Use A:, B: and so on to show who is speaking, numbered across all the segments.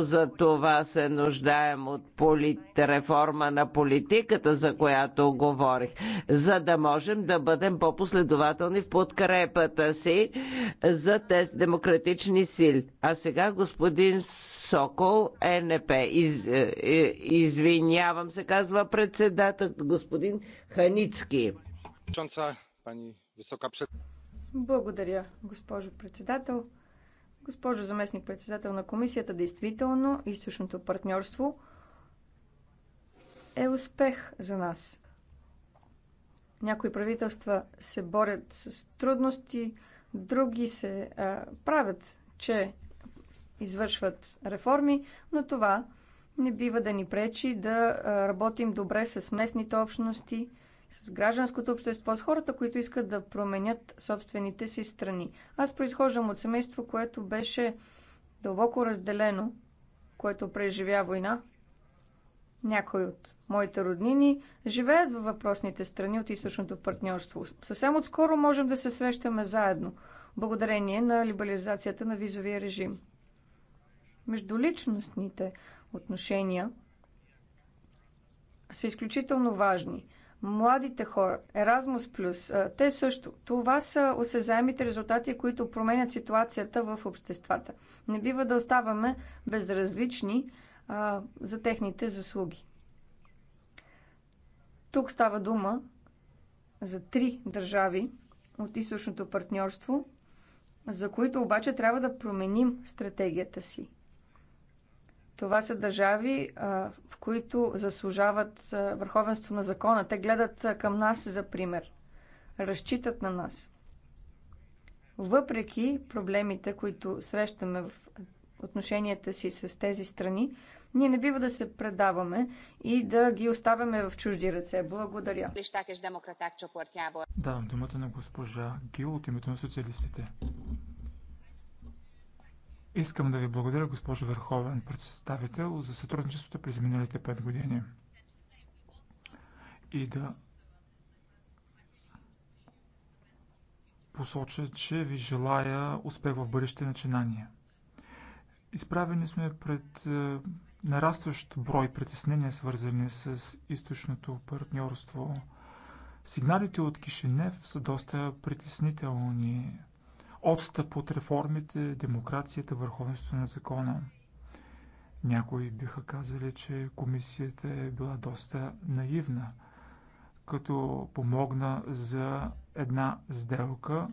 A: За това се нуждаем от полит... реформа на политиката, за която говорих, за да можем да бъдем по-последователни в подкрепата си за тези демократични сили. А сега господин Сокол, НП. Из... Е, е, извинявам се, казва председател господин Ханицки.
B: Благодаря, госпожо председател. Госпожо заместник председател на комисията, действително източното партньорство е успех за нас. Някои правителства се борят с трудности, други се а, правят, че извършват реформи, но това не бива да ни пречи да работим добре с местните общности – с гражданското общество, с хората, които искат да променят собствените си страни. Аз произхождам от семейство, което беше дълбоко разделено, което преживя война. Някои от моите роднини живеят във въпросните страни от източното партньорство. Съвсем отскоро можем да се срещаме заедно, благодарение на либерализацията на визовия режим. Междуличностните отношения са изключително важни – Младите хора, Erasmus+, те също. Това са осезаемите резултати, които променят ситуацията в обществата. Не бива да оставаме безразлични а, за техните заслуги. Тук става дума за три държави от източното партньорство, за които обаче трябва да променим стратегията си – това са държави, в които заслужават върховенство на закона. Те гледат към нас за пример. Разчитат на нас. Въпреки проблемите, които срещаме в отношенията си с тези страни, ние не бива да се предаваме и да ги оставяме в чужди ръце. Благодаря.
C: Давам думата на госпожа Гил от името на социалистите. Искам да ви благодаря, госпожо Върховен представител, за сътрудничеството през миналите 5 години. И да посоча, че ви желая успех в бъдеще начинания. Изправени сме пред е, нарастващ брой притеснения, свързани с източното партньорство. Сигналите от Кишинев са доста притеснителни отстъп от реформите, демокрацията, върховенството на закона. Някои биха казали, че комисията е била доста наивна, като помогна за една сделка,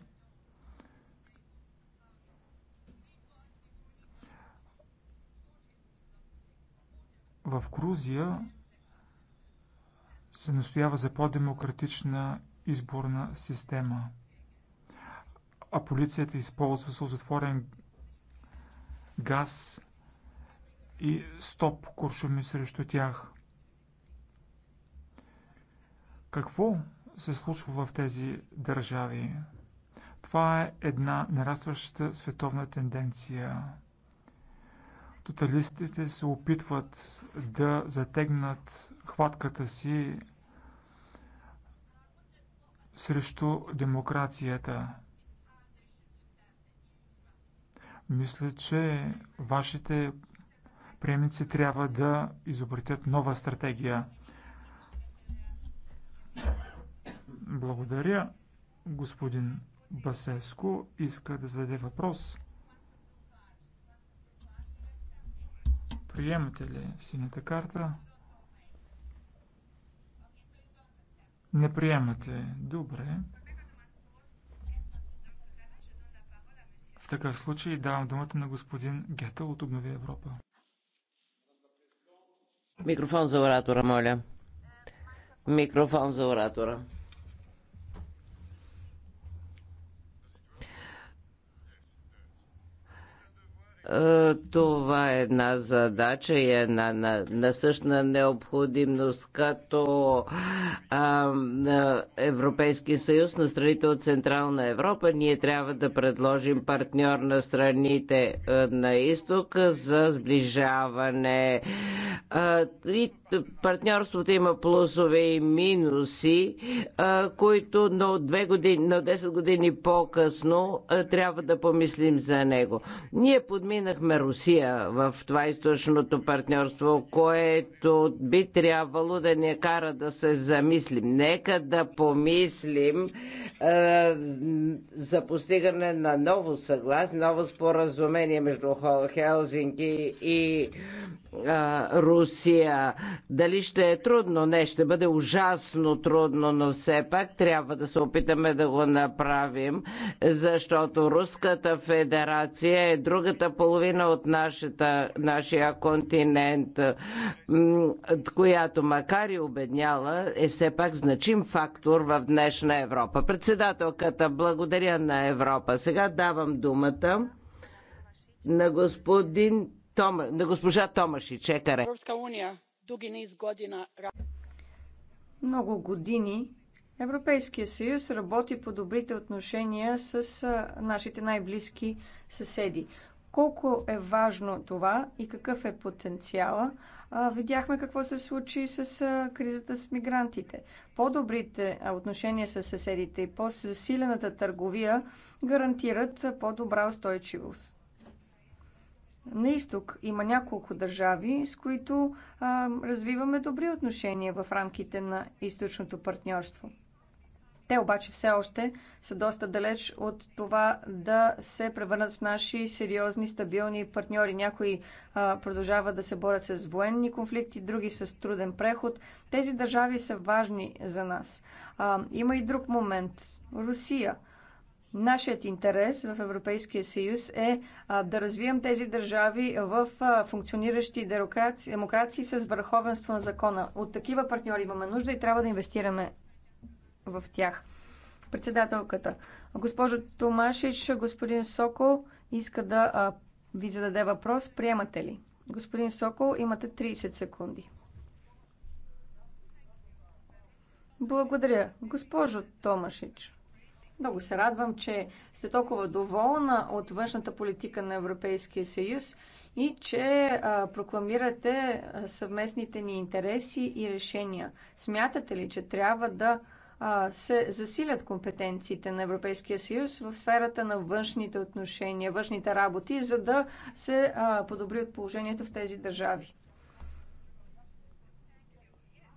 C: в Грузия се настоява за по-демократична изборна система а полицията използва сълзотворен газ и стоп куршуми срещу тях. Какво се случва в тези държави? Това е една нарастваща световна тенденция. Тоталистите се опитват да затегнат хватката си срещу демокрацията. Мисля, че вашите приемници трябва да изобретят нова стратегия. Благодаря. Господин Басеско иска да зададе въпрос. Приемате ли синята карта? Не приемате. Добре. такъв случай давам думата на господин Гетъл от Обнови Европа.
A: Микрофон за оратора, моля. Микрофон за оратора. Е, това е една задача и една на, насъщна необходимост като а, е, Европейски съюз на страните от Централна Европа. Ние трябва да предложим партньор на страните е, на изток за сближаване. А, и партньорството има плюсове и минуси, а, които но две години, но 10 години по-късно трябва да помислим за него. Ние подминаме Минахме Русия в това източното партньорство, което би трябвало да ни кара да се замислим. Нека да помислим е, за постигане на ново съглас, ново споразумение между Хелзинки и Русия. Дали ще е трудно? Не, ще бъде ужасно трудно, но все пак трябва да се опитаме да го направим, защото Руската федерация е другата половина от нашата, нашия континент, която макар и обедняла, е все пак значим фактор в днешна Европа. Председателката, благодаря на Европа. Сега давам думата на господин на госпожа
B: Томаши Чекаре. Много години Европейския съюз работи по добрите отношения с нашите най-близки съседи. Колко е важно това и какъв е потенциала? видяхме какво се случи с кризата с мигрантите. По-добрите отношения с съседите и по-засилената търговия гарантират по-добра устойчивост. На изток има няколко държави, с които а, развиваме добри отношения в рамките на източното партньорство. Те обаче все още са доста далеч от това да се превърнат в наши сериозни, стабилни партньори. Някои а, продължават да се борят с военни конфликти, други с труден преход. Тези държави са важни за нас. А, има и друг момент. Русия – Нашият интерес в Европейския съюз е а, да развием тези държави в а, функциониращи демокрации, демокрации с върховенство на закона. От такива партньори имаме нужда и трябва да инвестираме в тях. Председателката. Госпожо Томашич, господин Соко иска да а, ви зададе въпрос. Приемате ли? Господин Сокол, имате 30 секунди. Благодаря. Госпожо Томашич. Много се радвам, че сте толкова доволна от външната политика на Европейския съюз и че а, прокламирате съвместните ни интереси и решения. Смятате ли, че трябва да а, се засилят компетенциите на Европейския съюз в сферата на външните отношения, външните работи, за да се а, подобри от положението в тези държави?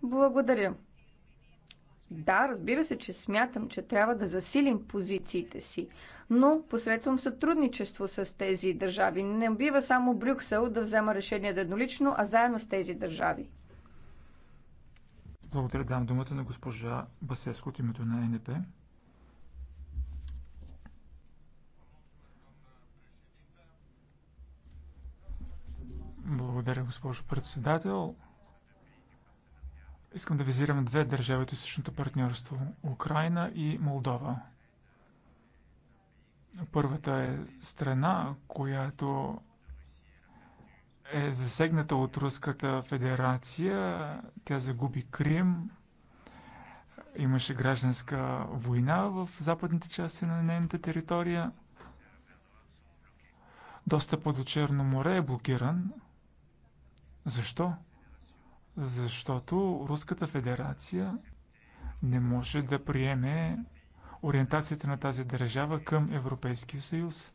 B: Благодаря. Да, разбира се, че смятам, че трябва да засилим позициите си, но посредством сътрудничество с тези държави. Не бива само Брюксел да взема решение да еднолично, а заедно с тези държави.
C: Благодаря. Дам думата на госпожа Басеско от името на НП. Благодаря, госпожо председател. Искам да визирам две държави от източното партньорство – Украина и Молдова. Първата е страна, която е засегната от Руската федерация. Тя загуби Крим. Имаше гражданска война в западните части на нейната територия. Достъпът до Черно море е блокиран. Защо? защото Руската федерация не може да приеме ориентацията на тази държава към Европейския съюз.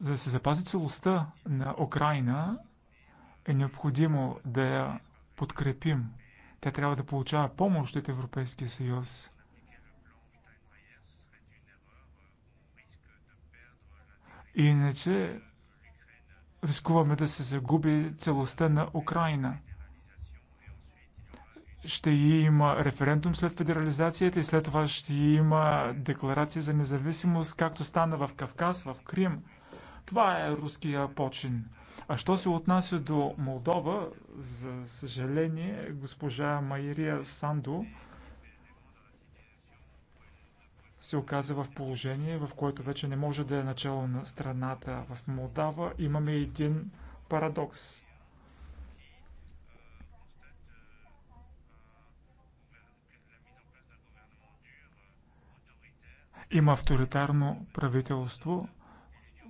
C: За да се запази целостта на Украина, е необходимо да я подкрепим. Тя трябва да получава помощ от Европейския съюз. Иначе рискуваме да се загуби целостта на Украина. Ще има референдум след федерализацията и след това ще има декларация за независимост, както стана в Кавказ, в Крим. Това е руския почин. А що се отнася до Молдова, за съжаление, госпожа Майрия Сандо се оказа в положение, в което вече не може да е начало на страната. В Молдава имаме един парадокс. Има авторитарно правителство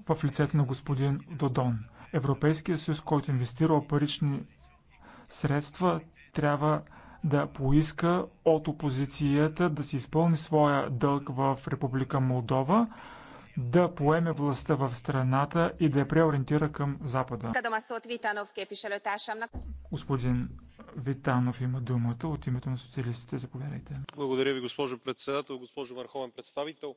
C: в лицето на господин Додон. Европейския съюз, който инвестирал парични средства, трябва да поиска от опозицията да си изпълни своя дълг в Република Молдова, да поеме властта в страната и да я преориентира към Запада. Господин Витанов има думата от името на социалистите. Заповядайте.
D: Благодаря ви, госпожо председател, госпожо върховен представител.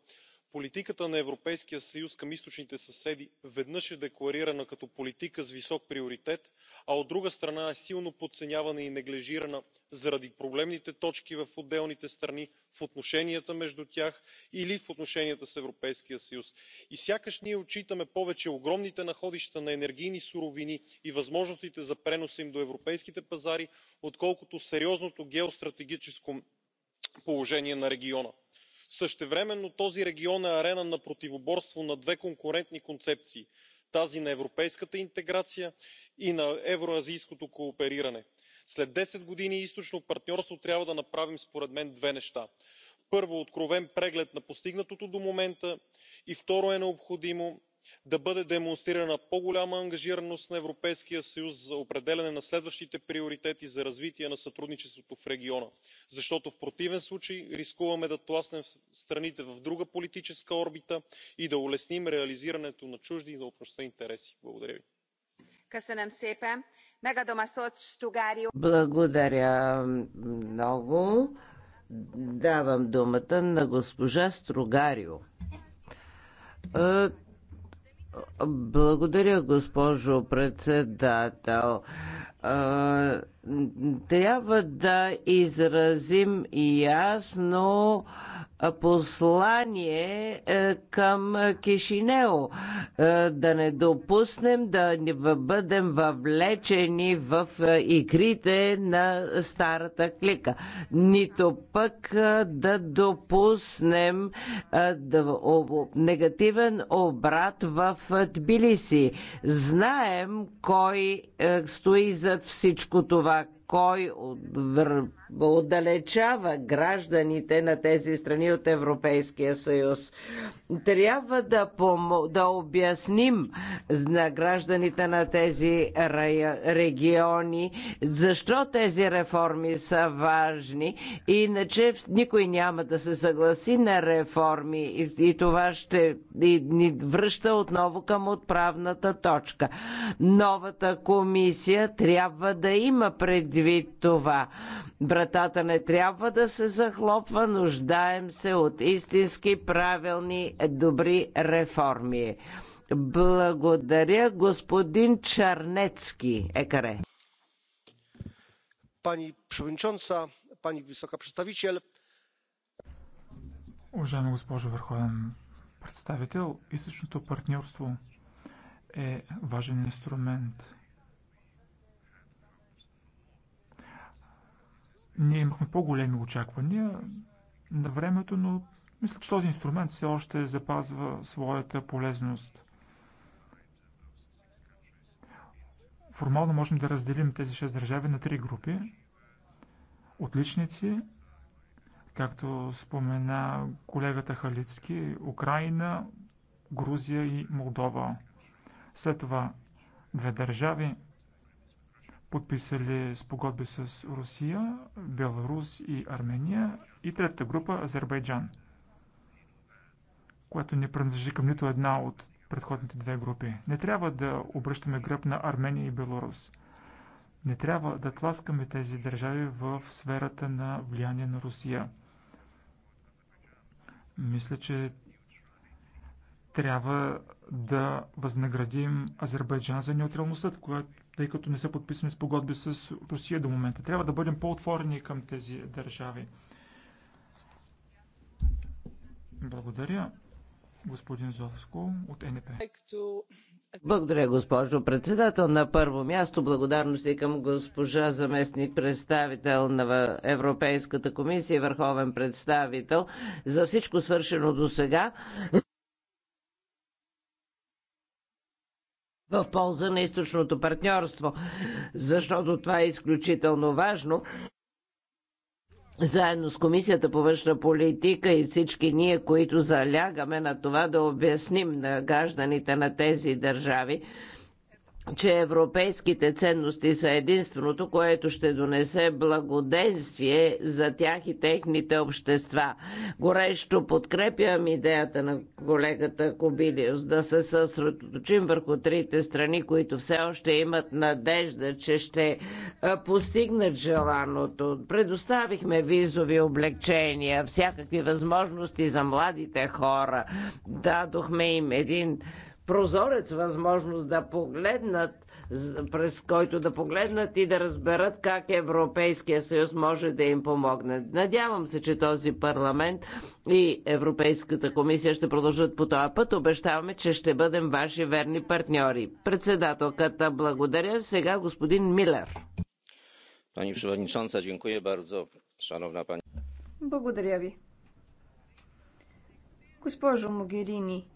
D: Политиката на Европейския съюз към източните съседи веднъж е декларирана като политика с висок приоритет, а от друга страна е силно подценявана и неглижирана заради проблемните точки в отделните страни в отношенията между тях или в отношенията с европейския съюз. и сякаш ние отчитаме повече огромните находища на енергийни суровини и възможностите за преноса им до европейските пазари отколкото сериозното геостратегическо положение на региона. същевременно този регион е арена на противоборство на две конкурентни концепции тази на европейската интеграция и на евроазийското коопериране. след десет години източно партньорство трябва да направим според мен две неща. първо откровен преглед на постигнатото до момента и второ е необходимо да бъде демонстрирана по голяма ангажираност на европейския съюз за определяне на следващите приоритети за развитие на сътрудничеството в региона защото в противен случай рискуваме да тласнем страните в друга политическа орбита и да улесним реализирането на чужди и на общността интереси. благодаря ви.
A: Благодаря много. Давам думата на госпожа Стругарио е, благодаря, госпожо председател трябва да изразим ясно послание е, към Кишинео. Е, да не допуснем да не бъдем въвлечени в е, игрите на старата клика. Нито пък да допуснем негативен обрат в Тбилиси. Знаем кой стои за всичко това? Кой отдалечава гражданите на тези страни от Европейския съюз. Трябва да, пом- да обясним на гражданите на тези региони защо тези реформи са важни, иначе никой няма да се съгласи на реформи и, и това ще и, ни връща отново към отправната точка. Новата комисия трябва да има предвид това. Вратата не трябва да се захлопва, нуждаем се от истински правилни добри реформи. Благодаря, господин Чарнецки. Екаре.
C: Пани
E: Przewodnicząca, Пани Висока представител.
C: Уважаема госпожо Върховен представител, източното партньорство е важен инструмент Ние имахме по-големи очаквания на времето, но мисля, че този инструмент все още запазва своята полезност. Формално можем да разделим тези шест държави на три групи. Отличници, както спомена колегата Халицки, Украина, Грузия и Молдова. След това две държави, подписали спогодби с Русия, Беларус и Армения и третата група Азербайджан, която не принадлежи към нито една от предходните две групи. Не трябва да обръщаме гръб на Армения и Беларус. Не трябва да тласкаме тези държави в сферата на влияние на Русия. Мисля, че трябва да възнаградим Азербайджан за неутралността, която тъй като не са подписани с погодби с Русия до момента. Трябва да бъдем по-отворени към тези държави. Благодаря, господин Зовско от НП.
A: Благодаря, госпожо председател. На първо място благодарности към госпожа заместник представител на Европейската комисия, върховен представител за всичко свършено до сега в полза на източното партньорство, защото това е изключително важно заедно с Комисията по външна политика и всички ние, които залягаме на това да обясним на гражданите на тези държави, че европейските ценности са единственото, което ще донесе благоденствие за тях и техните общества. Горещо подкрепям идеята на колегата Кобилиус да се съсредоточим върху трите страни, които все още имат надежда, че ще постигнат желаното. Предоставихме визови облегчения, всякакви възможности за младите хора. Дадохме им един прозорец възможност да погледнат през който да погледнат и да разберат как Европейския съюз може да им помогне. Надявам се, че този парламент и Европейската комисия ще продължат по този път. Обещаваме, че ще бъдем ваши верни партньори. Председателката, благодаря. Сега господин Милер. Пани Przewodnicząca, дякую бързо, шановна пани.
B: Благодаря ви. Госпожо Могерини,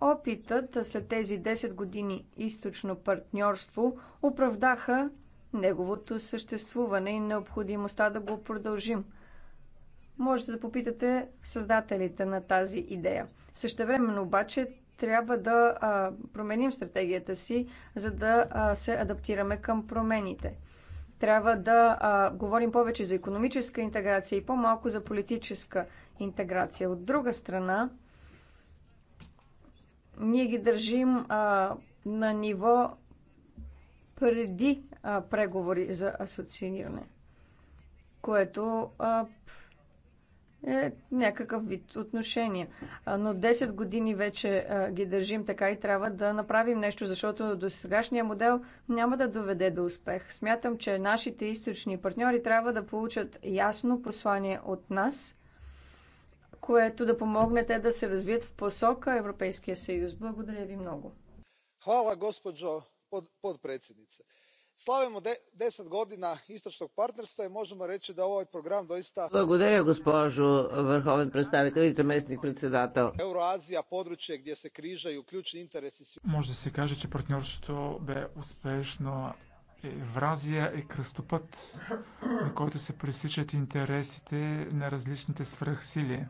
B: Опитът след тези 10 години източно партньорство оправдаха неговото съществуване и необходимостта да го продължим. Можете да попитате създателите на тази идея. Същевременно обаче трябва да а, променим стратегията си, за да а, се адаптираме към промените. Трябва да а, говорим повече за економическа интеграция и по-малко за политическа интеграция. От друга страна, ние ги държим а, на ниво преди а, преговори за асоцииране, което а, е някакъв вид отношения. Но 10 години вече ги държим така и трябва да направим нещо, защото до сегашния модел няма да доведе до успех. Смятам, че нашите източни партньори трябва да получат ясно послание от нас което да помогне те да се развият в посока Европейския съюз. Благодаря ви много.
D: хвала госпожо подпредседница. Slavimo 10 godina istočnog partnerstva i možemo reći da ovaj програм доиста... Благодаря,
A: госпожо върховен представител и заместник председател.
F: Евроазия, područje gdje se križaju ključni интереси...
C: Може да се каже, че партньорството бе успешно. Евразия е кръстопът, на който се пресичат интересите на различните свръхсили.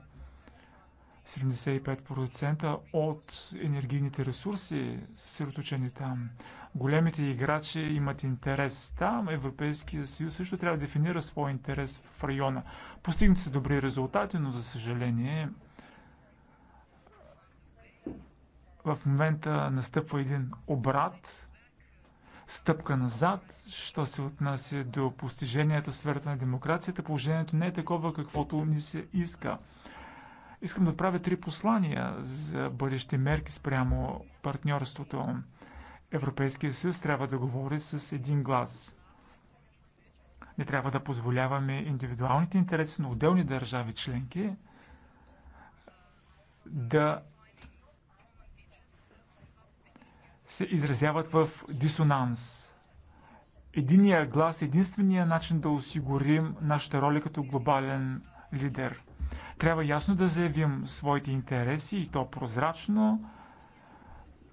C: 75% от енергийните ресурси са съсредоточени там. Големите играчи имат интерес там. Европейския съюз също трябва да дефинира своя интерес в района. Постигнат се добри резултати, но за съжаление в момента настъпва един обрат, стъпка назад, що се отнася до постиженията в сферата на демокрацията. Положението не е такова, каквото ни се иска. Искам да правя три послания за бъдещи мерки спрямо партньорството. Европейския съюз трябва да говори с един глас. Не трябва да позволяваме индивидуалните интереси на отделни държави членки да се изразяват в дисонанс. Единия глас е единствения начин да осигурим нашата роля като глобален лидер. Трябва ясно да заявим своите интереси и то прозрачно,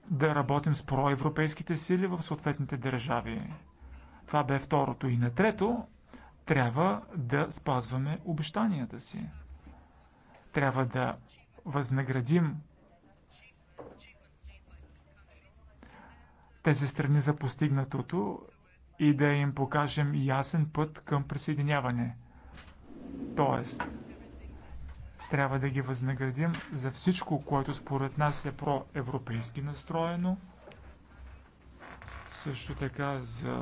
C: да работим с проевропейските сили в съответните държави. Това бе второто. И на трето, трябва да спазваме обещанията си. Трябва да възнаградим тези страни за постигнатото и да им покажем ясен път към присъединяване. Тоест, трябва да ги възнаградим за всичко, което според нас е проевропейски настроено. Също така за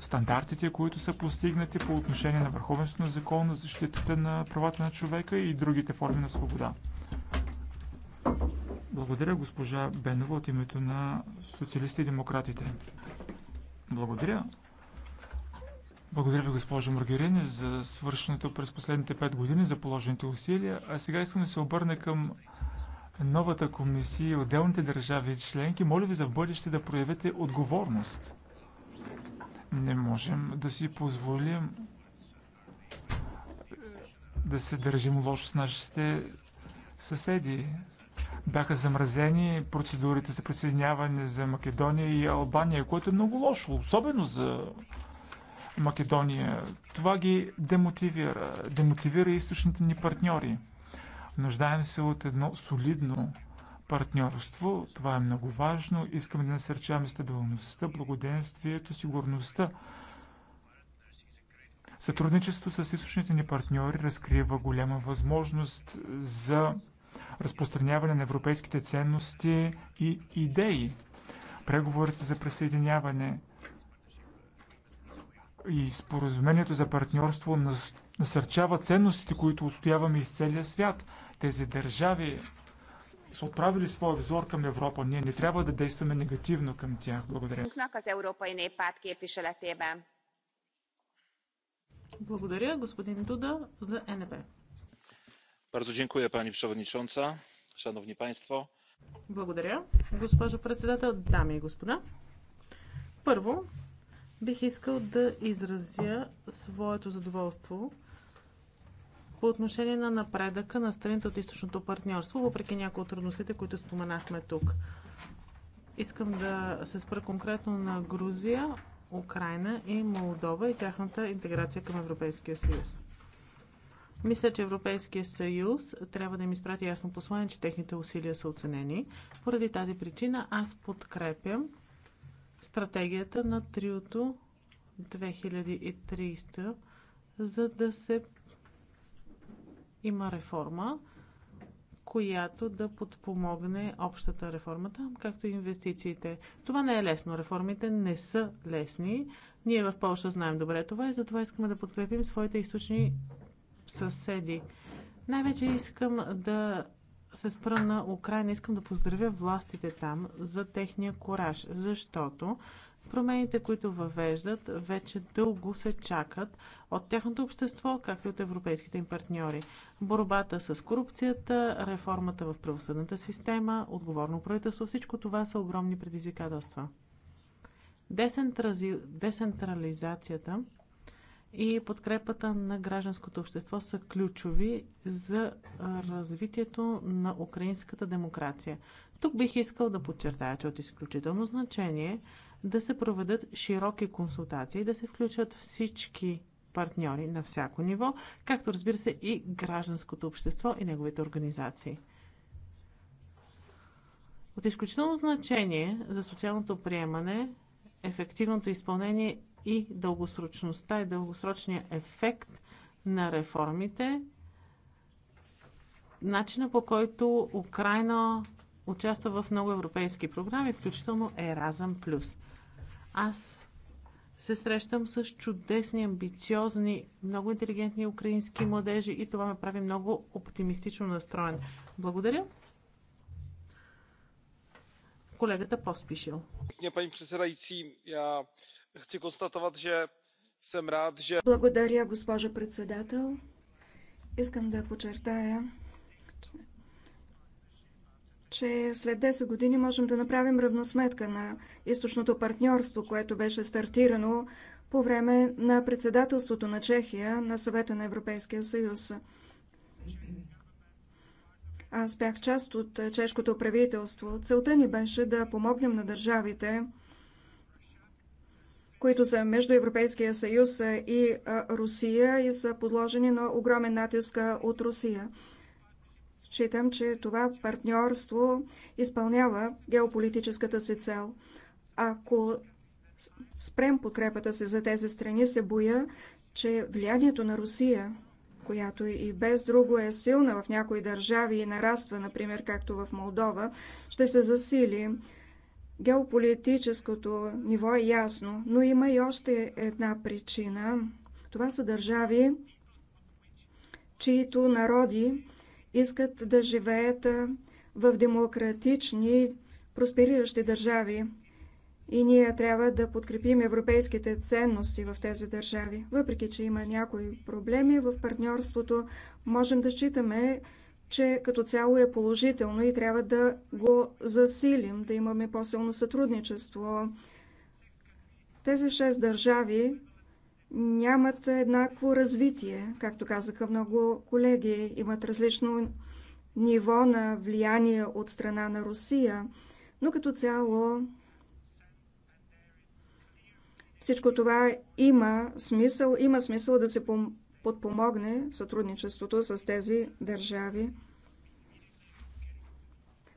C: стандартите, които са постигнати по отношение на върховенството на закона, защитата на правата на човека и другите форми на свобода. Благодаря госпожа Бенова от името на социалистите и демократите. Благодаря. Благодаря ви, госпожо Маргарини, за свършеното през последните пет години, за положените усилия. А сега искам да се обърна към новата комисия и отделните държави и членки. Моля ви за в бъдеще да проявите отговорност. Не можем да си позволим да се държим лошо с нашите съседи. Бяха замразени процедурите за присъединяване за Македония и Албания, което е много лошо, особено за Македония. Това ги демотивира, демотивира източните ни партньори. Нуждаем се от едно солидно партньорство. Това е много важно. Искаме да насърчаваме стабилността, благоденствието, сигурността. Сътрудничество с източните ни партньори разкрива голяма възможност за разпространяване на европейските ценности и идеи. Преговорите за присъединяване и споразумението за партньорство насърчава ценностите, които отстояваме из целия свят. Тези държави са отправили своя взор към Европа. Ние не трябва да действаме негативно към тях. Благодаря.
G: Благодаря, господин Дуда, за НБ.
C: Bardzo dziękuję pani przewodnicząca, szanowni państwo.
G: Благодаря, госпожо председател, дами и господа. Първо, Бих искал да изразя своето задоволство по отношение на напредъка на страните от източното партньорство, въпреки някои от трудностите, които споменахме тук. Искам да се спра конкретно на Грузия, Украина и Молдова и тяхната интеграция към Европейския съюз. Мисля, че Европейския съюз трябва да им изпрати ясно послание, че техните усилия са оценени. Поради тази причина аз подкрепям стратегията на триото 2030, за да се има реформа, която да подпомогне общата реформа там, както и инвестициите. Това не е лесно. Реформите не са лесни. Ние в Польша знаем добре това и затова искаме да подкрепим своите източни съседи. Най-вече искам да се спра на Украина, искам да поздравя властите там за техния кораж, защото промените, които въвеждат, вече дълго се чакат от тяхното общество, както и от европейските им партньори. Борбата с корупцията, реформата в правосъдната система, отговорно правителство, всичко това са огромни предизвикателства. Децентрализацията и подкрепата на гражданското общество са ключови за развитието на украинската демокрация. Тук бих искал да подчертая, че от изключително значение да се проведат широки консултации, да се включат всички партньори на всяко ниво, както разбира се и гражданското общество и неговите организации. От изключително значение за социалното приемане, ефективното изпълнение и дългосрочността и дългосрочния ефект на реформите, начина по който Украина участва в много европейски програми, включително Еразъм Плюс. Аз се срещам с чудесни, амбициозни, много интелигентни украински младежи и това ме прави много оптимистично настроен. Благодаря. Колегата Поспишил.
E: Благодаря, госпожо председател. Искам да подчертая, че след 10 години можем да направим равносметка на източното партньорство, което беше стартирано по време на председателството на Чехия на съвета на Европейския съюз. Аз бях част от чешкото правителство. Целта ни беше да помогнем на държавите, които са между Европейския съюз и Русия и са подложени на огромен натиск от Русия. Считам, че това партньорство изпълнява геополитическата си цел. Ако спрем подкрепата си за тези страни, се боя, че влиянието на Русия, която и без друго е силна в някои държави и нараства, например както в Молдова, ще се засили. Геополитическото ниво е ясно, но има и още една причина. Това са държави, чието народи искат да живеят в демократични, проспериращи държави. И ние трябва да подкрепим европейските ценности в тези държави. Въпреки, че има някои проблеми в партньорството, можем да считаме, че като цяло е положително и трябва да го засилим, да имаме по-силно сътрудничество. Тези шест държави нямат еднакво развитие, както казаха много колеги, имат различно ниво на влияние от страна на Русия, но като цяло всичко това има смисъл, има смисъл да се подпомогне сътрудничеството с тези държави.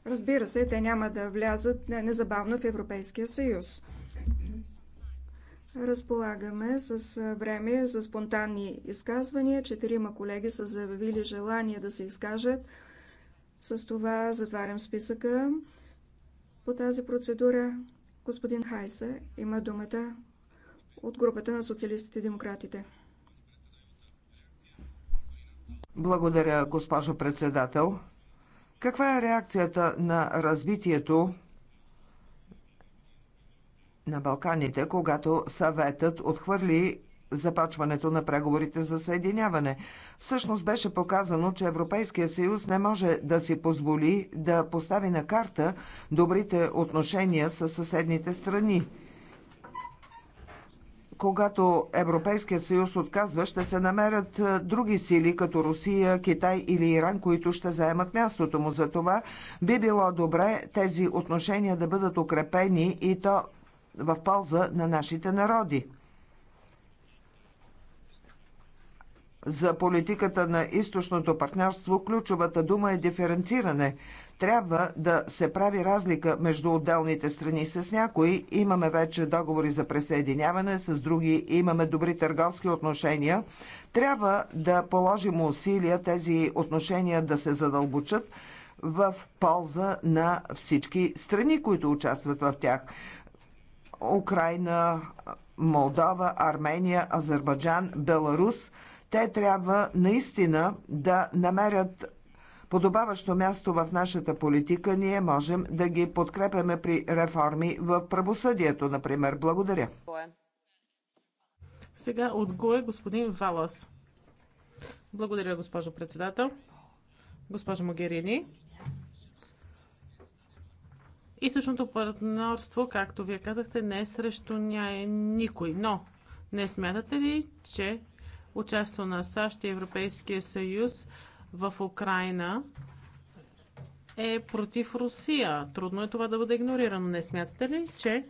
E: Разбира се, те няма да влязат незабавно в Европейския съюз. Разполагаме с време за спонтанни изказвания. Четирима колеги са заявили желание да се изкажат. С това затварям списъка по тази процедура. Господин Хайса има думата от групата на социалистите и демократите.
F: Благодаря, госпожо председател. Каква е реакцията на развитието на Балканите, когато съветът отхвърли започването на преговорите за съединяване. Всъщност беше показано, че Европейския съюз не може да си позволи да постави на карта добрите отношения с съседните страни когато Европейският съюз отказва, ще се намерят други сили, като Русия, Китай или Иран, които ще заемат мястото му. За това би било добре тези отношения да бъдат укрепени и то в полза на нашите народи. За политиката на източното партньорство ключовата дума е диференциране трябва да се прави разлика между отделните страни. С някои имаме вече договори за присъединяване, с други имаме добри търговски отношения. Трябва да положим усилия тези отношения да се задълбочат в полза на всички страни, които участват в тях. Украина, Молдова, Армения, Азербайджан, Беларус. Те трябва наистина да намерят подобаващо място в нашата политика, ние можем да ги подкрепяме при реформи в правосъдието, например. Благодаря.
G: Сега от ГОЕ господин Валас. Благодаря, госпожо председател. Госпожо Могерини. И същото партньорство, както вие казахте, не е срещу ня... никой. Но не смятате ли, че участието на САЩ и Европейския съюз в Украина е против Русия. Трудно е това да бъде игнорирано. Не смятате ли, че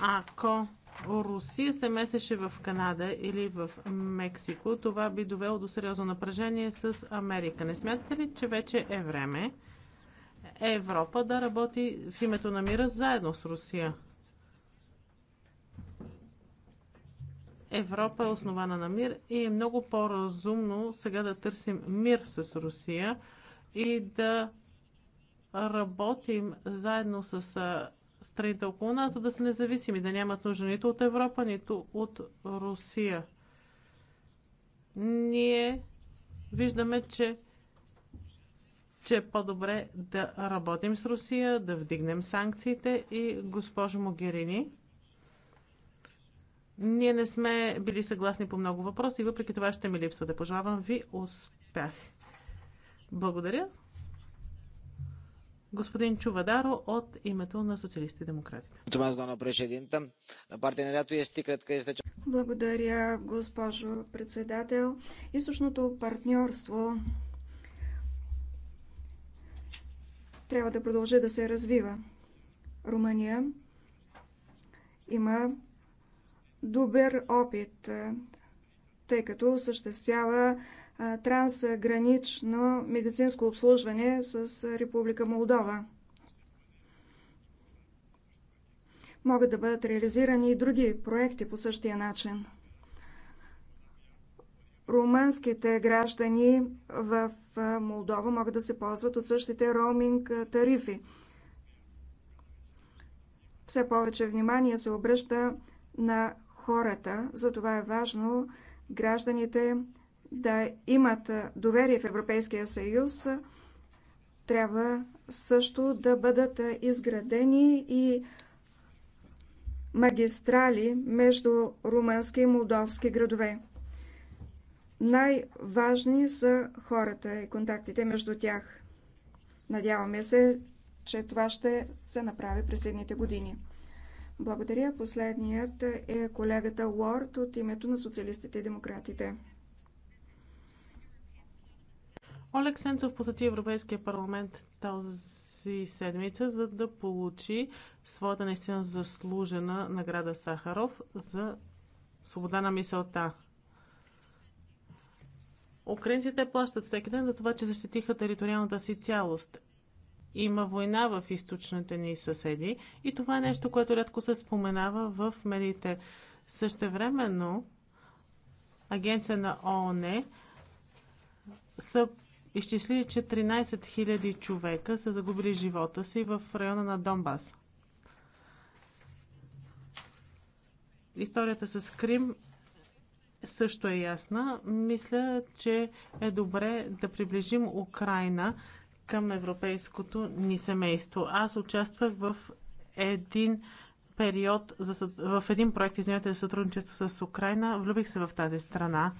G: ако Русия се месеше в Канада или в Мексико, това би довело до сериозно напрежение с Америка. Не смятате ли, че вече е време Европа да работи в името на мира заедно с Русия? Европа е основана на мир и е много по-разумно сега да търсим мир с Русия и да работим заедно с страните около нас, за да са независими, да нямат нужда нито от Европа, нито от Русия. Ние виждаме, че, че е по-добре да работим с Русия, да вдигнем санкциите и госпожо Могерини ние не сме били съгласни по много въпроси и въпреки това ще ми липсва да Пожелавам ви успех. Благодаря. Господин Чувадаро от името на социалисти и демократите.
E: Благодаря, госпожо председател. Източното партньорство трябва да продължи да се развива. Румъния има добър опит, е, тъй като осъществява е, трансгранично медицинско обслужване с Република Молдова. Могат да бъдат реализирани и други проекти по същия начин. Румънските граждани в е, Молдова могат да се ползват от същите роуминг тарифи. Все повече внимание се обръща на хората. Затова е важно гражданите да имат доверие в Европейския съюз. Трябва също да бъдат изградени и магистрали между румънски и молдовски градове. Най-важни са хората и контактите между тях. Надяваме се, че това ще се направи през следните години. Благодаря. Последният е колегата Лорд от името на социалистите и демократите.
G: Олег Сенцов посети Европейския парламент тази седмица, за да получи своята наистина заслужена награда Сахаров за свобода на мисълта. Украинците плащат всеки ден за това, че защитиха териториалната си цялост има война в източните ни съседи и това е нещо, което рядко се споменава в медиите. Същевременно агенция на ООН са изчислили, че 13 000 човека са загубили живота си в района на Донбас. Историята с Крим също е ясна. Мисля, че е добре да приближим Украина към европейското ни семейство. Аз участвах в един период, за, в един проект, извинете, за сътрудничество с Украина. Влюбих се в тази страна.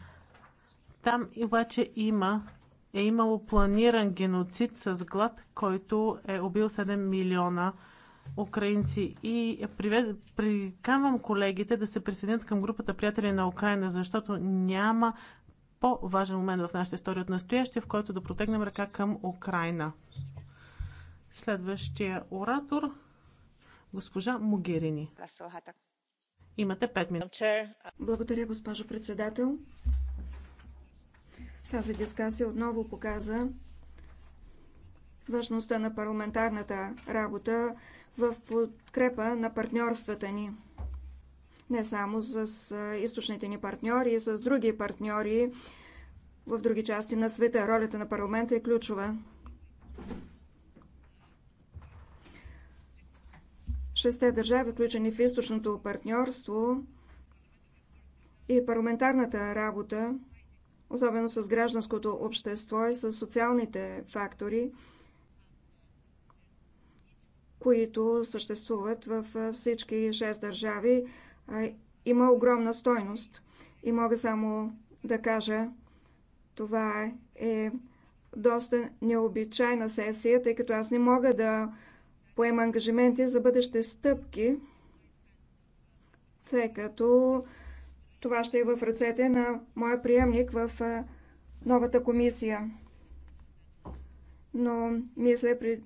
G: Там обаче има, е имало планиран геноцид с глад, който е убил 7 милиона украинци. И привед, приканвам колегите да се присъединят към групата Приятели на Украина, защото няма по-важен момент в нашата история от настоящия, в който да протегнем ръка към Украина. Следващия оратор госпожа Могерини. Имате 5 минути.
E: Благодаря, госпожо председател. Тази дискусия отново показа важността на парламентарната работа в подкрепа на партньорствата ни не само с източните ни партньори, и с други партньори в други части на света. Ролята на парламента е ключова. Шесте държави, включени в източното партньорство и парламентарната работа, особено с гражданското общество и с социалните фактори, които съществуват в всички шест държави, има огромна стойност. И мога само да кажа, това е доста необичайна сесия, тъй като аз не мога да поема ангажименти за бъдещи стъпки, тъй като това ще е в ръцете на моя приемник в новата комисия. Но мисля преди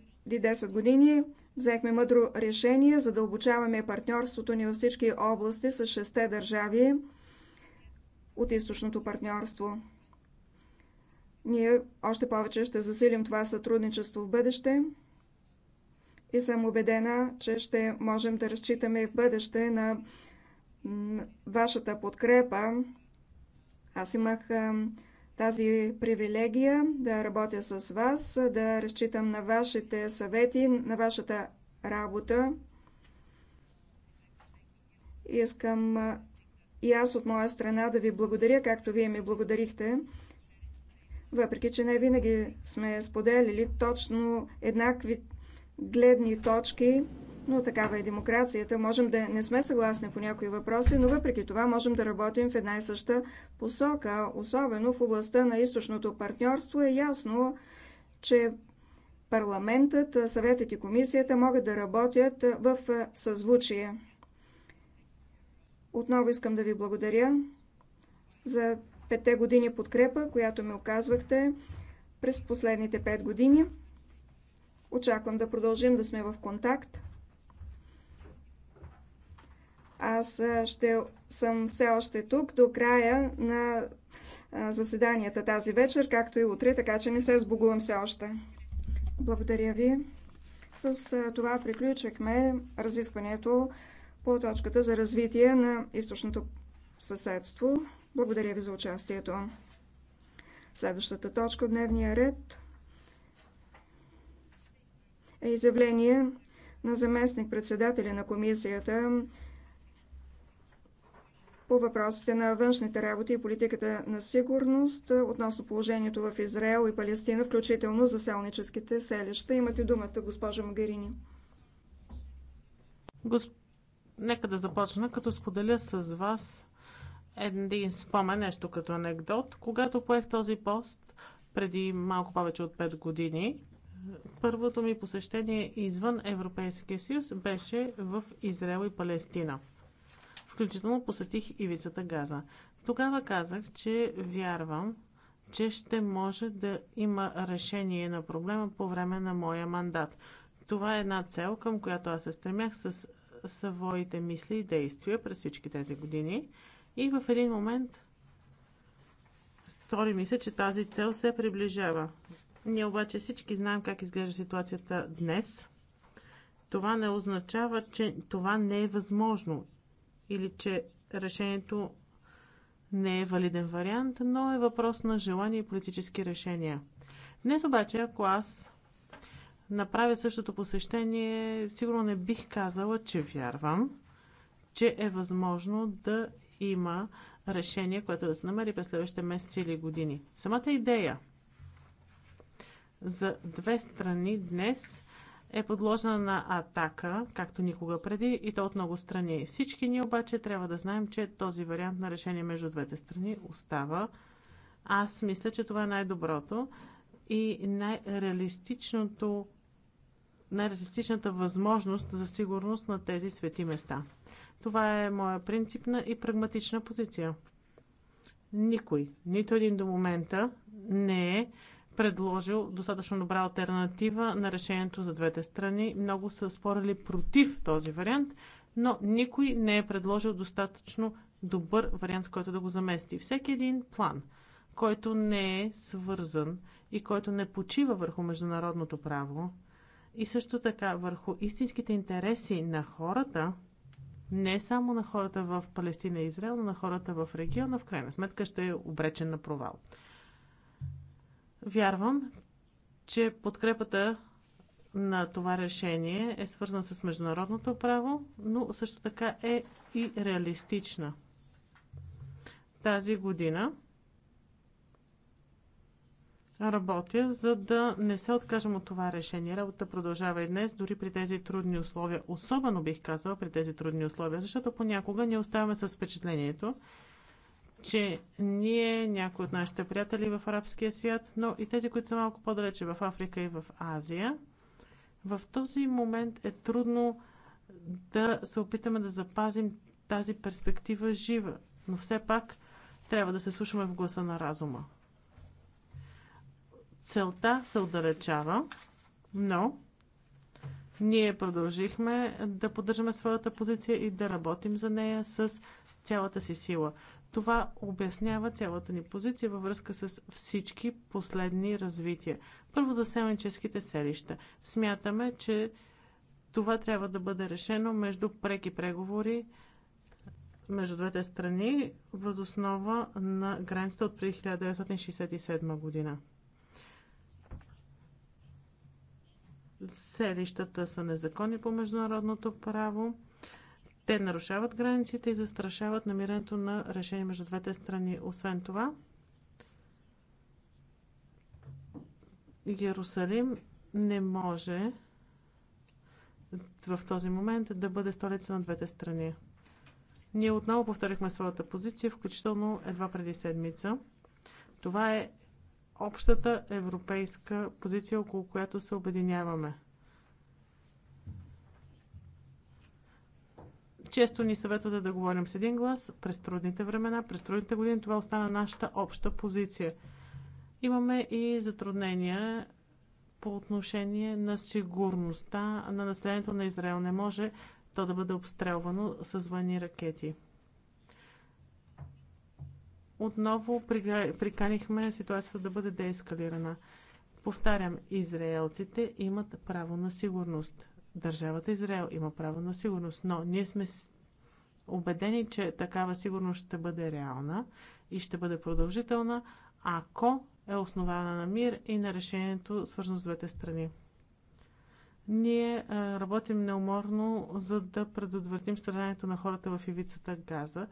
E: 10 години Взехме мъдро решение, за да обучаваме партньорството ни във всички области с шесте държави от източното партньорство. Ние още повече ще засилим това сътрудничество в бъдеще и съм убедена, че ще можем да разчитаме и в бъдеще на вашата подкрепа. Аз имах тази привилегия да работя с вас, да разчитам на вашите съвети, на вашата работа. Искам и аз от моя страна да ви благодаря, както вие ми благодарихте, въпреки че не винаги сме споделили точно еднакви гледни точки но такава е демокрацията. Можем да не сме съгласни по някои въпроси, но въпреки това можем да работим в една и съща посока, особено в областта на източното партньорство. Е ясно, че парламентът, съветът и комисията могат да работят в съзвучие. Отново искам да ви благодаря за пете години подкрепа, която ми оказвахте през последните пет години. Очаквам да продължим да сме в контакт. Аз ще съм все още тук до края на заседанията тази вечер, както и утре, така че не се сбогувам все още. Благодаря ви. С това приключихме разискването по точката за развитие на източното съседство. Благодаря ви за участието. Следващата точка от дневния ред е изявление на заместник председателя на комисията по въпросите на външните работи и политиката на сигурност относно положението в Израел и Палестина, включително за селническите селища. Имате думата, госпожа Магарини.
G: Госп... Нека да започна, като споделя с вас един спомен, нещо като анекдот. Когато поех този пост преди малко повече от 5 години, първото ми посещение извън Европейския съюз беше в Израел и Палестина. Включително посетих ивицата Газа. Тогава казах, че вярвам, че ще може да има решение на проблема по време на моя мандат. Това е една цел, към която аз се стремях с своите мисли и действия през всички тези години. И в един момент стори ми се, че тази цел се приближава. Ние обаче всички знаем как изглежда ситуацията днес. Това не означава, че това не е възможно или че решението не е валиден вариант, но е въпрос на желание и политически решения. Днес обаче, ако аз направя същото посещение, сигурно не бих казала, че вярвам, че е възможно да има решение, което да се намери през следващите месеци или години. Самата идея за две страни днес е подложена на атака, както никога преди, и то от много страни. Всички ние обаче трябва да знаем, че този вариант на решение между двете страни остава. Аз мисля, че това е най-доброто и най-реалистичното най-реалистичната възможност за сигурност на тези свети места. Това е моя принципна и прагматична позиция. Никой, нито един до момента не е предложил достатъчно добра альтернатива на решението за двете страни. Много са спорили против този вариант, но никой не е предложил достатъчно добър вариант, с който да го замести. Всеки един план, който не е свързан и който не почива върху международното право и също така върху истинските интереси на хората, не само на хората в Палестина и Израел, но на хората в региона, в крайна сметка ще е обречен на провал. Вярвам, че подкрепата на това решение е свързана с международното право, но също така е и реалистична. Тази година работя, за да не се откажем от това решение. Работа продължава и днес, дори при тези трудни условия. Особено бих казала при тези трудни условия, защото понякога не оставаме с впечатлението, че ние, някои от нашите приятели в арабския свят, но и тези, които са малко по-далече в Африка и в Азия, в този момент е трудно да се опитаме да запазим тази перспектива жива. Но все пак трябва да се слушаме в гласа на разума. Целта се отдалечава, но ние продължихме да поддържаме своята позиция и да работим за нея с цялата си сила. Това обяснява цялата ни позиция във връзка с всички последни развития. Първо за селенческите селища. Смятаме, че това трябва да бъде решено между преки преговори между двете страни възоснова на границата от преди 1967 година. Селищата са незаконни по международното право. Те нарушават границите и застрашават намирането на решение между двете страни. Освен това, Иерусалим не може в този момент да бъде столица на двете страни. Ние отново повторихме своята позиция, включително едва преди седмица. Това е общата европейска позиция, около която се обединяваме. Често ни съветвате да говорим с един глас. През трудните времена, през трудните години това остана нашата обща позиция. Имаме и затруднения по отношение на сигурността на населението на Израел. Не може то да бъде обстрелвано с военни ракети. Отново приканихме ситуацията да бъде деескалирана. Повтарям, израелците имат право на сигурност. Държавата Израел има право на сигурност, но ние сме убедени, че такава сигурност ще бъде реална и ще бъде продължителна, ако е основана на мир и на решението свързано с двете страни. Ние е, работим неуморно, за да предотвратим страданието на хората в ивицата Газа.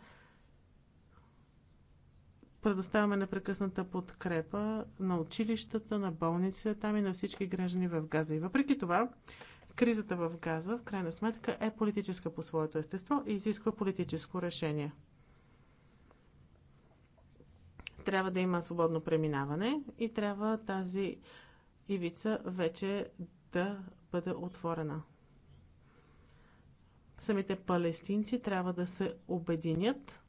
G: Предоставяме непрекъсната подкрепа на училищата, на болниците там и на всички граждани в Газа. И въпреки това, Кризата в Газа, в крайна сметка, е политическа по своето естество и изисква политическо решение. Трябва да има свободно преминаване и трябва тази ивица вече да бъде отворена. Самите палестинци трябва да се обединят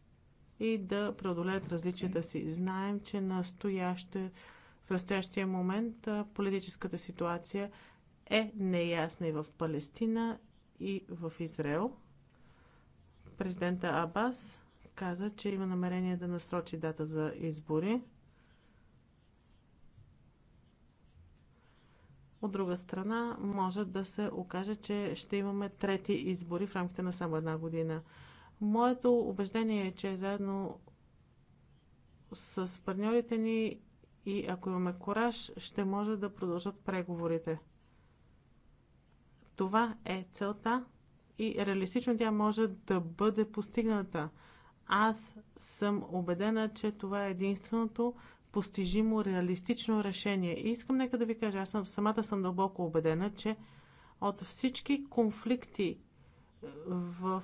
G: и да преодолеят различията си. Знаем, че настояще, в настоящия момент политическата ситуация е неясна и в Палестина, и в Израел. Президента Абас каза, че има намерение да насрочи дата за избори. От друга страна, може да се окаже, че ще имаме трети избори в рамките на само една година. Моето убеждение е, че заедно с партньорите ни и ако имаме кораж, ще може да продължат преговорите. Това е целта и реалистично тя може да бъде постигната. Аз съм убедена, че това е единственото постижимо реалистично решение. И искам нека да ви кажа, аз съм, самата съм дълбоко убедена, че от всички конфликти е, в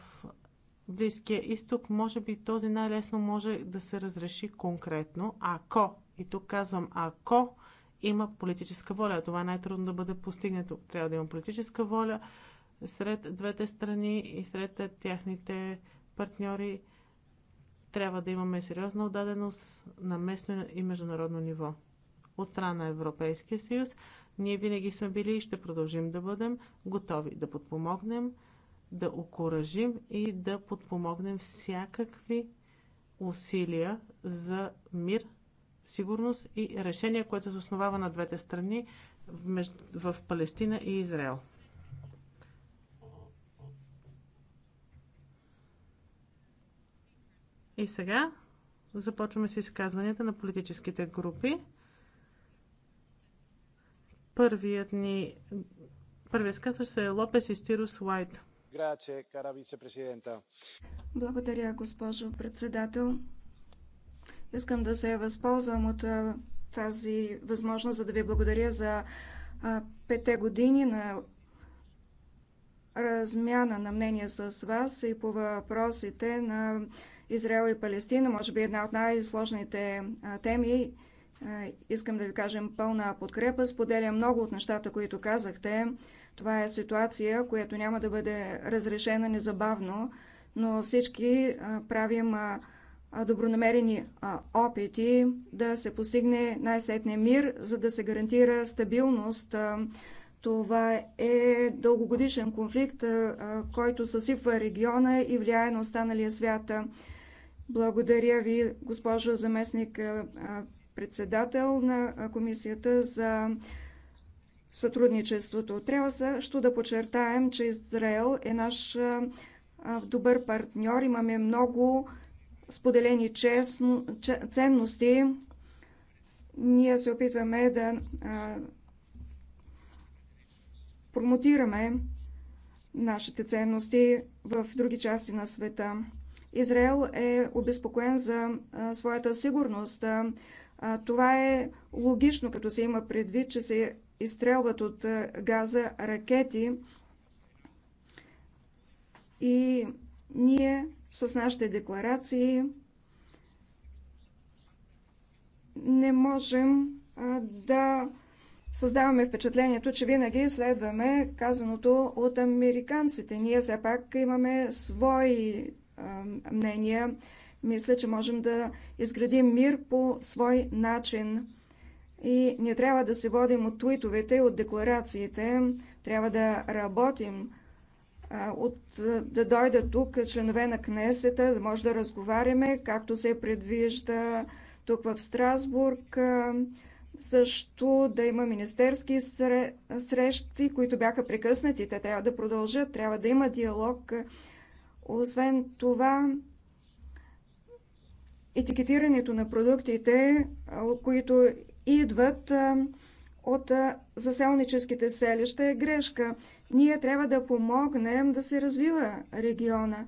G: Близкия изток, може би този най-лесно може да се разреши конкретно, ако, и тук казвам ако, има политическа воля. Това е най-трудно да бъде постигнато. Трябва да има политическа воля сред двете страни и сред тяхните партньори. Трябва да имаме сериозна отдаденост на местно и международно ниво. От страна на Европейския съюз ние винаги сме били и ще продължим да бъдем готови да подпомогнем, да окоръжим и да подпомогнем всякакви усилия за мир сигурност и решение, което се основава на двете страни в Палестина и Израел. И сега започваме с изказванията на политическите групи. Първият ни
E: първият се е Лопес Истирус Уайт. Благодаря, госпожо председател. Искам да се възползвам от тази възможност, за да ви благодаря за пете години на размяна на мнения с вас и по въпросите на Израел и Палестина, може би една от най-сложните теми. Искам да ви кажем пълна подкрепа. Споделя много от нещата, които казахте. Това е ситуация, която няма да бъде разрешена незабавно, но всички правим добронамерени опити да се постигне най-сетне мир, за да се гарантира стабилност. Това е дългогодишен конфликт, който съсипва региона и влияе на останалия свят. Благодаря ви, госпожо заместник председател на Комисията за сътрудничеството. Трябва също да подчертаем, че Израел е наш добър партньор. Имаме много споделени честно, ценности, ние се опитваме да а, промотираме нашите ценности в други части на света. Израел е обезпокоен за а, своята сигурност. А, това е логично, като се има предвид, че се изстрелват от а, газа ракети и ние с нашите декларации не можем да създаваме впечатлението, че винаги следваме казаното от американците. Ние все пак имаме свои мнения. Мисля, че можем да изградим мир по свой начин. И не трябва да се водим от твитовете, от декларациите. Трябва да работим от, да дойдат тук членове на Кнесета, да може да разговаряме, както се предвижда тук в Страсбург. Също да има министерски срещи, които бяха прекъснати. Те трябва да продължат, трябва да има диалог. Освен това, етикетирането на продуктите, които идват от заселническите селища, е грешка. Ние трябва да помогнем да се развива региона.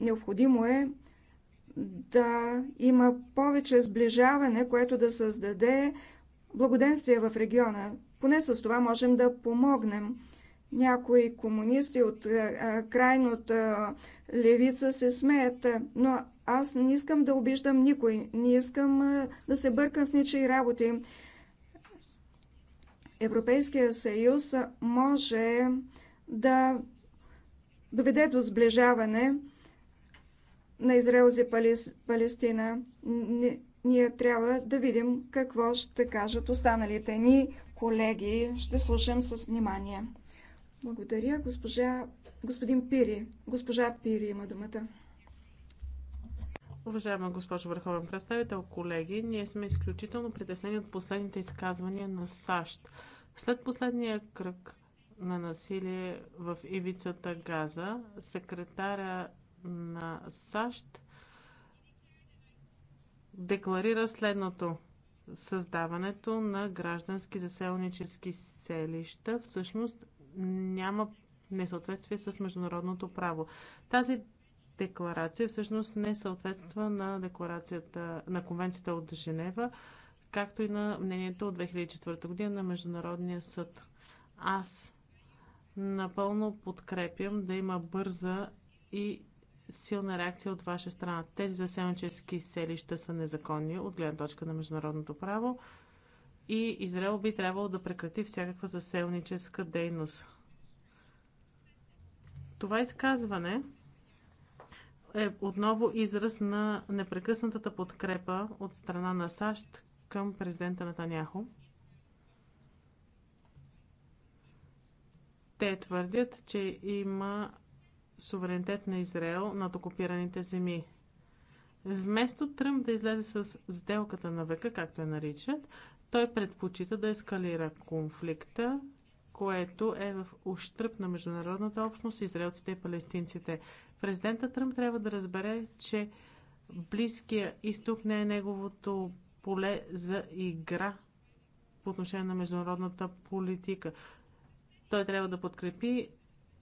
E: Необходимо е да има повече сближаване, което да създаде благоденствие в региона. Поне с това можем да помогнем. Някои комунисти от е, е, крайната е, левица се смеят, но аз не искам да обиждам никой, не искам да се бъркам в ничии работи. Европейския съюз може да доведе до сближаване на Израел за Палестина. Ние трябва да видим какво ще кажат останалите ни колеги. Ще слушам с внимание. Благодаря, госпожа, господин Пири. Госпожа Пири има думата.
G: Уважаема госпожо Върховен представител, колеги, ние сме изключително притеснени от последните изказвания на САЩ. След последния кръг на насилие в ивицата Газа, секретаря на САЩ декларира следното. Създаването на граждански заселнически селища всъщност няма несъответствие с международното право. Тази декларация всъщност не съответства на, декларацията, на конвенцията от Женева, както и на мнението от 2004 година на Международния съд. Аз напълно подкрепям да има бърза и силна реакция от ваша страна. Тези заселнически селища са незаконни от гледна точка на международното право и Израел би трябвало да прекрати всякаква заселническа дейност. Това изказване е отново израз на непрекъснатата подкрепа от страна на САЩ към президента Натаняхо. Те твърдят, че има суверенитет на Израел над окупираните земи. Вместо Тръмп да излезе с сделката на века, както я наричат, той предпочита да ескалира конфликта, което е в ущърп на международната общност, израелците и палестинците. Президента Тръмп трябва да разбере, че Близкия изток не е неговото поле за игра по отношение на международната политика. Той трябва да подкрепи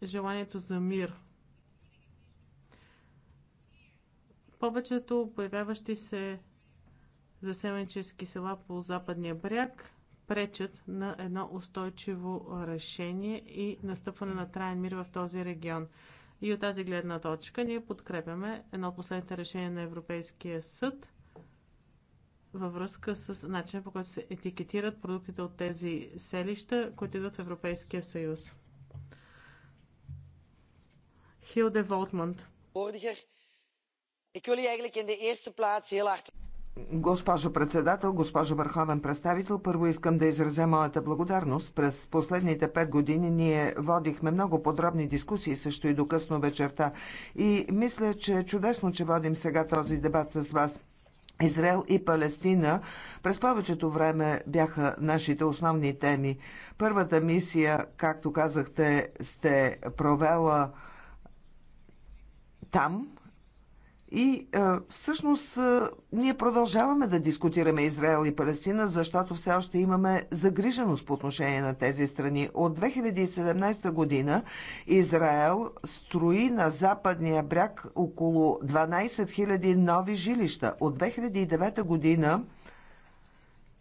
G: желанието за мир. Повечето появяващи се заселенчески села по западния бряг пречат на едно устойчиво решение и настъпване на траен мир в този регион. И от тази гледна точка ние подкрепяме едно от последните решения на Европейския съд – във връзка с начина по който се етикетират продуктите от тези селища, които идват в Европейския съюз. Хилде Волтманд.
F: Госпожо председател, госпожо върховен представител, първо искам да изразя моята благодарност. През последните пет години ние водихме много подробни дискусии, също и до късно вечерта. И мисля, че е чудесно, че водим сега този дебат с вас. Израел и Палестина през повечето време бяха нашите основни теми. Първата мисия, както казахте, сте провела там и а, всъщност а, ние продължаваме да дискутираме Израел и Палестина, защото все още имаме загриженост по отношение на тези страни. От 2017 година Израел строи на западния бряг около 12 000 нови жилища. От 2009 година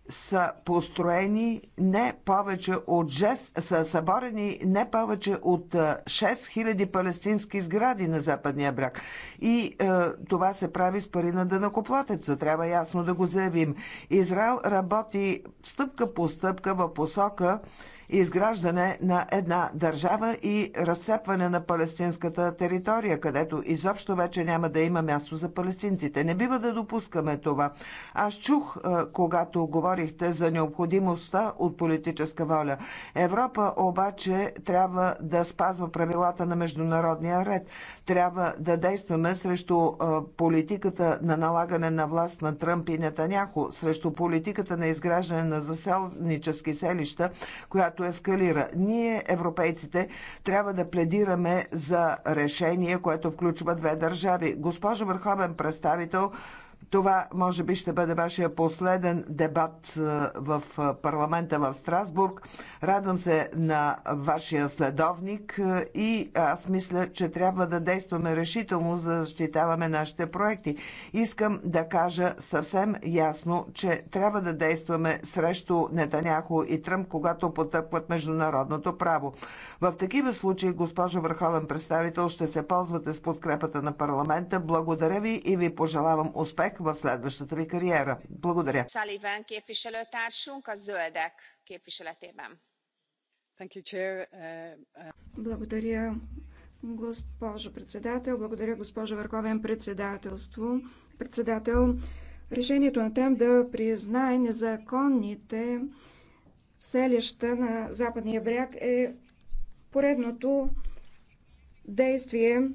F: са построени не повече от 6, са съборени не повече от 6000 е, палестински сгради на западния бряг. И е, това се прави с пари на дънакоплатеца, трябва ясно да го заявим. Израел работи стъпка по стъпка в посока изграждане на една държава и разцепване на палестинската територия, където изобщо вече няма да има място за палестинците. Не бива да допускаме това. Аз чух, е, когато говорихте за необходимостта от политическа воля. Европа обаче трябва да спазва правилата на международния ред. Трябва да действаме срещу е, политиката на налагане на власт на Тръмп и Нетаняхо, срещу политиката на изграждане на заселнически селища, която както ескалира. Ние, европейците, трябва да пледираме за решение, което включва две държави. Госпожо Върховен представител, това може би ще бъде вашия последен дебат е, в е, парламента в Страсбург. Радвам се на вашия следовник е, и аз мисля, че трябва да действаме решително, за да защитаваме нашите проекти. Искам да кажа съвсем ясно, че трябва да действаме срещу Нетаняхо и Тръмп, когато потъпват международното право. В такива случаи, госпожо Върховен представител, ще се ползвате с подкрепата на парламента. Благодаря ви и ви пожелавам успех в следващата ви кариера. Благодаря.
E: Uh, uh, Благодаря, госпожо председател. Благодаря, госпожо Върховен председателство. Председател, решението на Трамп да признае незаконните селища на Западния бряг е поредното действие,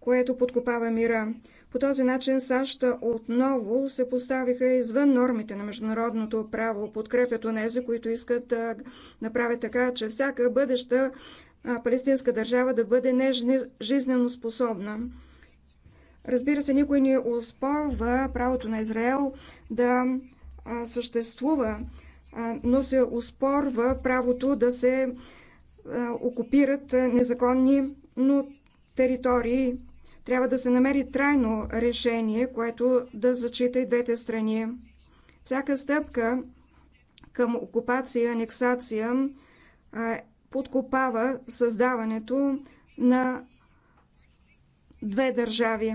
E: което подкопава мира. По този начин САЩ отново се поставиха извън нормите на международното право, подкрепят онези, които искат да направят така, че всяка бъдеща палестинска държава да бъде нежизнено способна. Разбира се, никой не оспорва правото на Израел да съществува, но се оспорва правото да се окупират незаконни но територии трябва да се намери трайно решение, което да зачита и двете страни. Всяка стъпка към окупация, анексация подкопава създаването на две държави.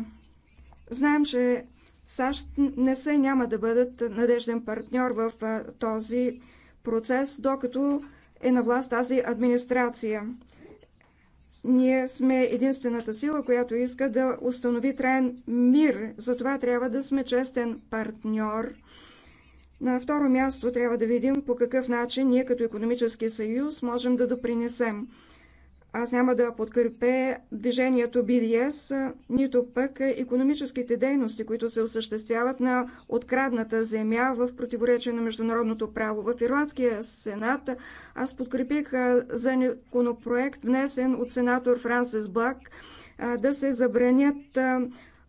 E: Знаем, че САЩ не са и няма да бъдат надежден партньор в този процес, докато е на власт тази администрация. Ние сме единствената сила, която иска да установи траен мир. Затова трябва да сме честен партньор. На второ място трябва да видим по какъв начин ние като економически съюз можем да допринесем. Аз няма да подкрепя движението BDS, нито пък економическите дейности, които се осъществяват на открадната земя в противоречие на международното право. В Ирландския сенат аз подкрепих законопроект, внесен от сенатор Франсис Блак, да се забранят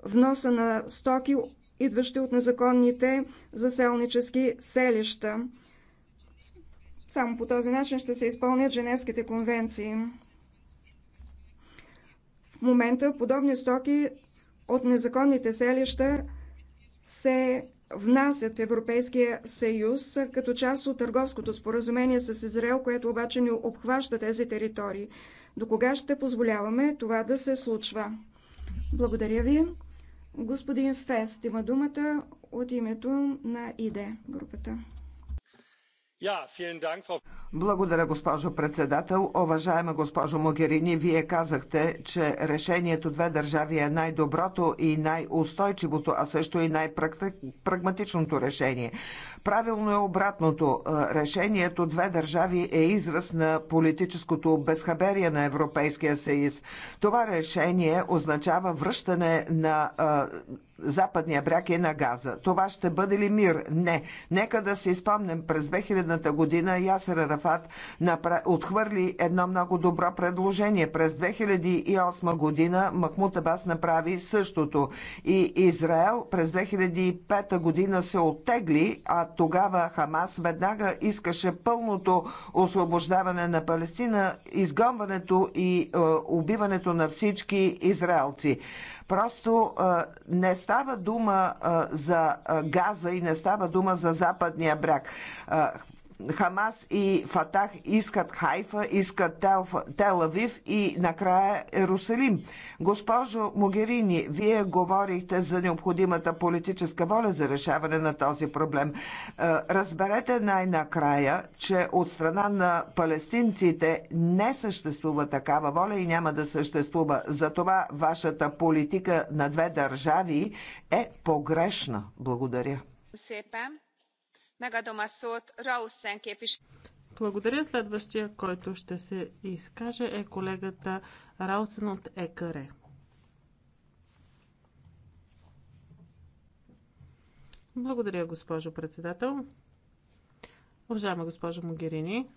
E: вноса на стоки, идващи от незаконните заселнически селища. Само по този начин ще се изпълнят Женевските конвенции момента подобни стоки от незаконните селища се внасят в Европейския съюз като част от търговското споразумение с Израел, което обаче не обхваща тези територии. До кога ще позволяваме това да се случва? Благодаря ви. Господин Фест има думата от името на ИДЕ групата.
F: Благодаря, госпожо председател. Уважаема госпожо Могерини, вие казахте, че решението две държави е най-доброто и най-устойчивото, а също и най-прагматичното решение. Правилно е обратното. Решението две държави е израз на политическото безхаберие на Европейския съюз. Това решение означава връщане на западния бряг е на Газа. Това ще бъде ли мир? Не. Нека да се изпомнем. През 2000-та година Ясер Арафат напра... отхвърли едно много добро предложение. През 2008 година Махмут Абас направи същото. И Израел през 2005 година се оттегли, а тогава Хамас веднага искаше пълното освобождаване на Палестина, изгонването и е, убиването на всички израелци. Просто е, не става дума за газа и не става дума за западния бряг. Хамас и Фатах искат Хайфа, искат Телавив и накрая Ерусалим. Госпожо Могерини, вие говорихте за необходимата политическа воля за решаване на този проблем. Е, разберете най-накрая, че от страна на палестинците не съществува такава воля и няма да съществува. Затова вашата политика на две държави е погрешна. Благодаря. Благодаря. Следващия, който ще се
G: изкаже е колегата Раусен от ЕКР. Благодаря, госпожо председател. Уважаема госпожо Могерини,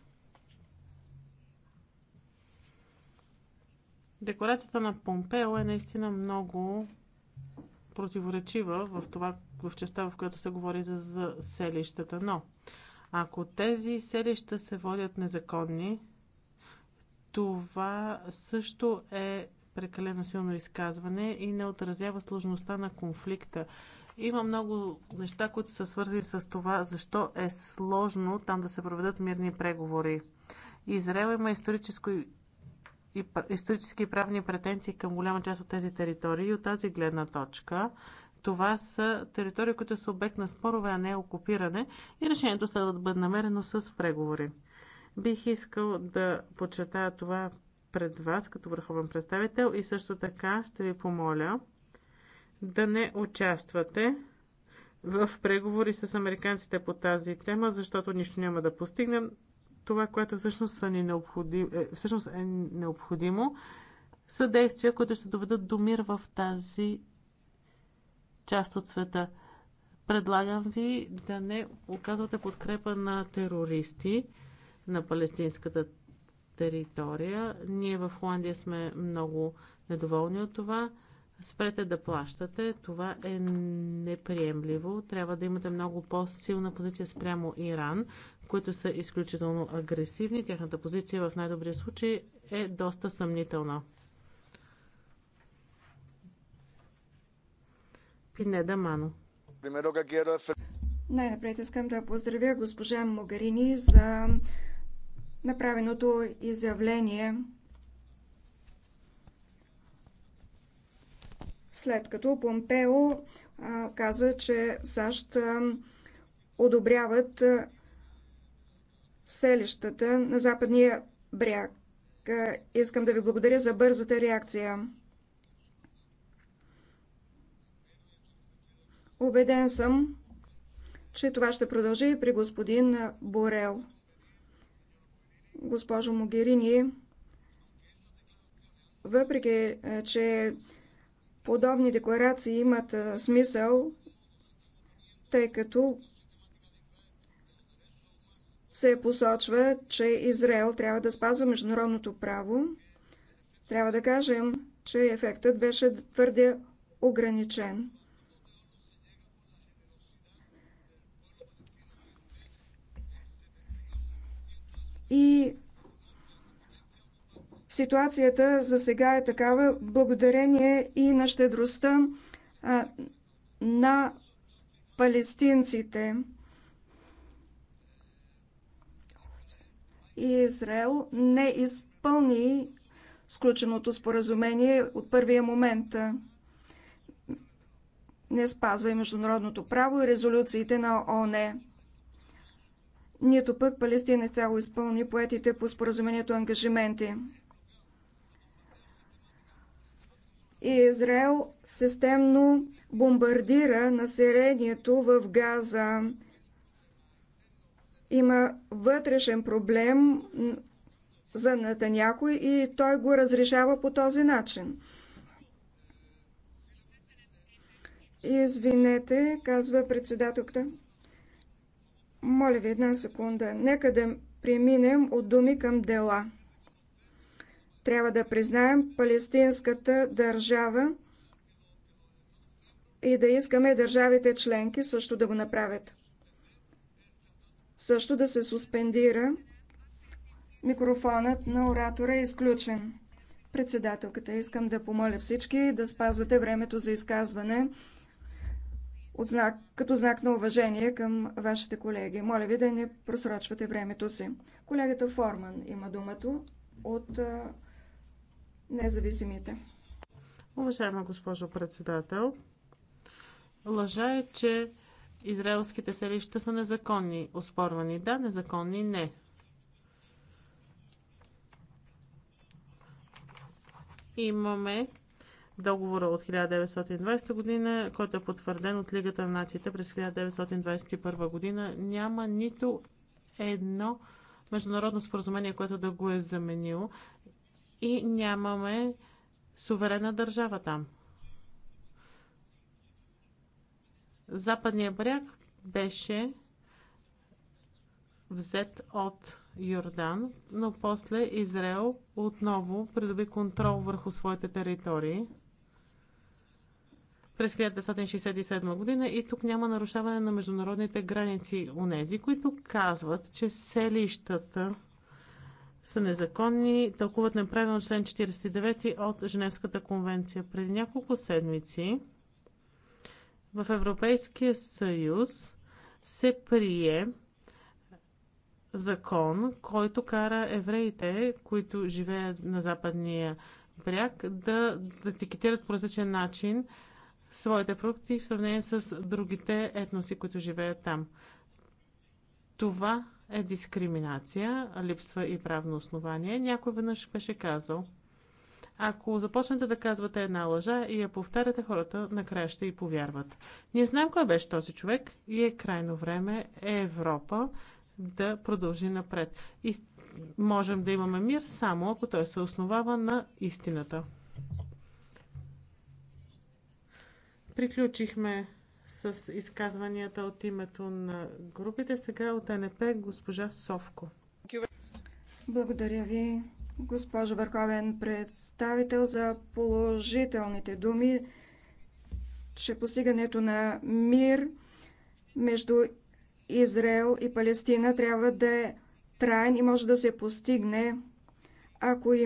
G: декларацията на Помпео е наистина много противоречива в, частта, в която се говори за, за селищата. Но ако тези селища се водят незаконни, това също е прекалено силно изказване и не отразява сложността на конфликта. Има много неща, които са свързани с това, защо е сложно там да се проведат мирни преговори. Израел има историческо и исторически и правни претенции към голяма част от тези територии. И от тази гледна точка това са територии, които са обект на спорове, а не окупиране и решението следва да бъде намерено с преговори. Бих искал да подчертая това пред вас като върховен представител и също така ще ви помоля да не участвате в преговори с американците по тази тема, защото нищо няма да постигнем това, което всъщност, са ни необходим, е, всъщност е необходимо, са действия, които ще доведат до мир в тази част от света. Предлагам ви да не оказвате подкрепа на терористи на палестинската територия. Ние в Холандия сме много недоволни от това. Спрете да плащате. Това е неприемливо. Трябва да имате много по-силна позиция спрямо Иран които са изключително агресивни. Тяхната позиция в най-добрия случай е доста съмнителна.
E: Пинеда Мано. Най-напред искам да поздравя госпожа Могарини за направеното изявление след като Помпео а, каза, че САЩ а, одобряват селищата на западния бряг. Е, искам да ви благодаря за бързата реакция. Обеден съм, че това ще продължи и при господин Борел. Госпожо Могерини, въпреки, е, че подобни декларации имат е, смисъл, тъй като се посочва, че Израел трябва да спазва международното право, трябва да кажем, че ефектът беше твърде ограничен. И ситуацията за сега е такава благодарение и на щедростта а, на палестинците. Израел не изпълни сключеното споразумение от първия момент. Не спазва и международното право и резолюциите на ООН. Нито пък Палестина цяло изпълни поетите по споразумението ангажименти. Израел системно бомбардира населението в Газа има вътрешен проблем за Натаняко и той го разрешава по този начин. Извинете, казва председателката. Моля ви една секунда. Нека да преминем от думи към дела. Трябва да признаем палестинската държава и да искаме държавите членки също да го направят също да се суспендира. Микрофонът на оратора е изключен. Председателката, искам да помоля всички да спазвате времето за изказване от знак, като знак на уважение към вашите колеги. Моля ви да не просрочвате времето си. Колегата Форман има думата от а, независимите.
G: Уважаема госпожо председател, лъжа е, че израелските селища са незаконни. Оспорвани да, незаконни не. Имаме договора от 1920 година, който е потвърден от Лигата на нациите през 1921 година. Няма нито едно международно споразумение, което да го е заменило и нямаме суверена държава там. Западния бряг беше взет от Йордан, но после Израел отново придоби контрол върху своите територии през 1967 година и тук няма нарушаване на международните граници. Онези, които казват, че селищата са незаконни, тълкуват неправилно член 49 от Женевската конвенция. Преди няколко седмици в Европейския съюз се прие закон, който кара евреите, които живеят на западния бряг, да, да етикетират по различен начин своите продукти в сравнение с другите етноси, които живеят там. Това е дискриминация, липсва и правно основание. Някой веднъж беше казал – ако започнете да казвате една лъжа и я повтаряте, хората накрая ще и повярват. Ние знаем кой беше този човек и е крайно време Европа да продължи напред. И можем да имаме мир само ако той се основава на истината. Приключихме с изказванията от името на групите. Сега от НП госпожа Совко.
E: Благодаря ви, госпожо Върховен представител, за положителните думи, че постигането на мир между Израел и Палестина трябва да е траен и може да се постигне, ако